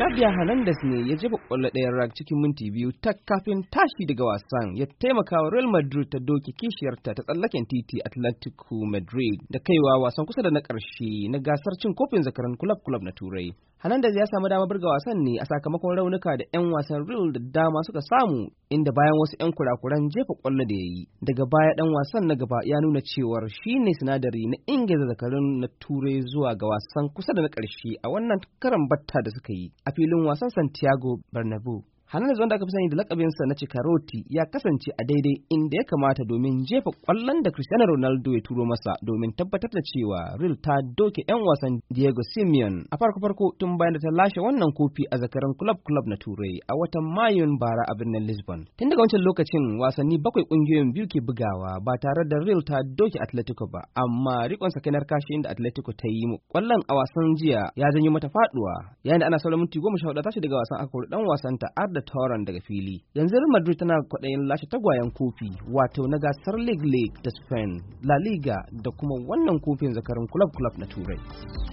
Nadia Hernandez ne ya jefa kwallo ɗayan rag cikin minti biyu ta kafin tashi daga wasan ya taimaka wa Real Madrid ta doke kishiyarta ta tsallaken titi Atletico Madrid da kaiwa wasan kusa da na ƙarshe na gasar cin kofin zakaran kulab-kulab na Turai. Hernandez ya samu damar burga wasan ne a sakamakon raunuka da 'yan wasan Real da dama suka samu inda bayan wasu 'yan kurakuran jefa kwallo da ya yi. Daga baya dan wasan na gaba ya nuna cewar shi ne sinadari na ingiza zakarun na turai zuwa ga wasan kusa da na ƙarshe a wannan karan batta da suka yi a filin wasan Santiago Bernabeu. zuwan da aka fi sani da lakabinsa na Cikaroti ya kasance a daidai inda ya kamata domin jefa kwallon da Cristiano Ronaldo ya turo masa domin tabbatar da cewa Real ta doke 'yan wasan Diego Simeon a farko-farko tun bayan da ta lashe wannan kofi a zakaran club-club na Turai a watan Mayun bara a birnin Lisbon. Tun daga wancan lokacin wasanni bakwai kungiyoyin biyu ke bugawa ba tare da Real ta doke Atletico ba amma rikon sakinar kashi inda Atletico ta yi mu kwallon a wasan jiya ya janyo mata faduwa yayin da ana sauran minti goma sha hudu tashi daga wasan aka dan wasan ta Arda da tauron daga fili. Yanzu Real Madrid tana kwaɗayin lashe tagwayen kofi wato na gasar League League da Spain, La Liga da kuma wannan kofin zakarin club club na Turai.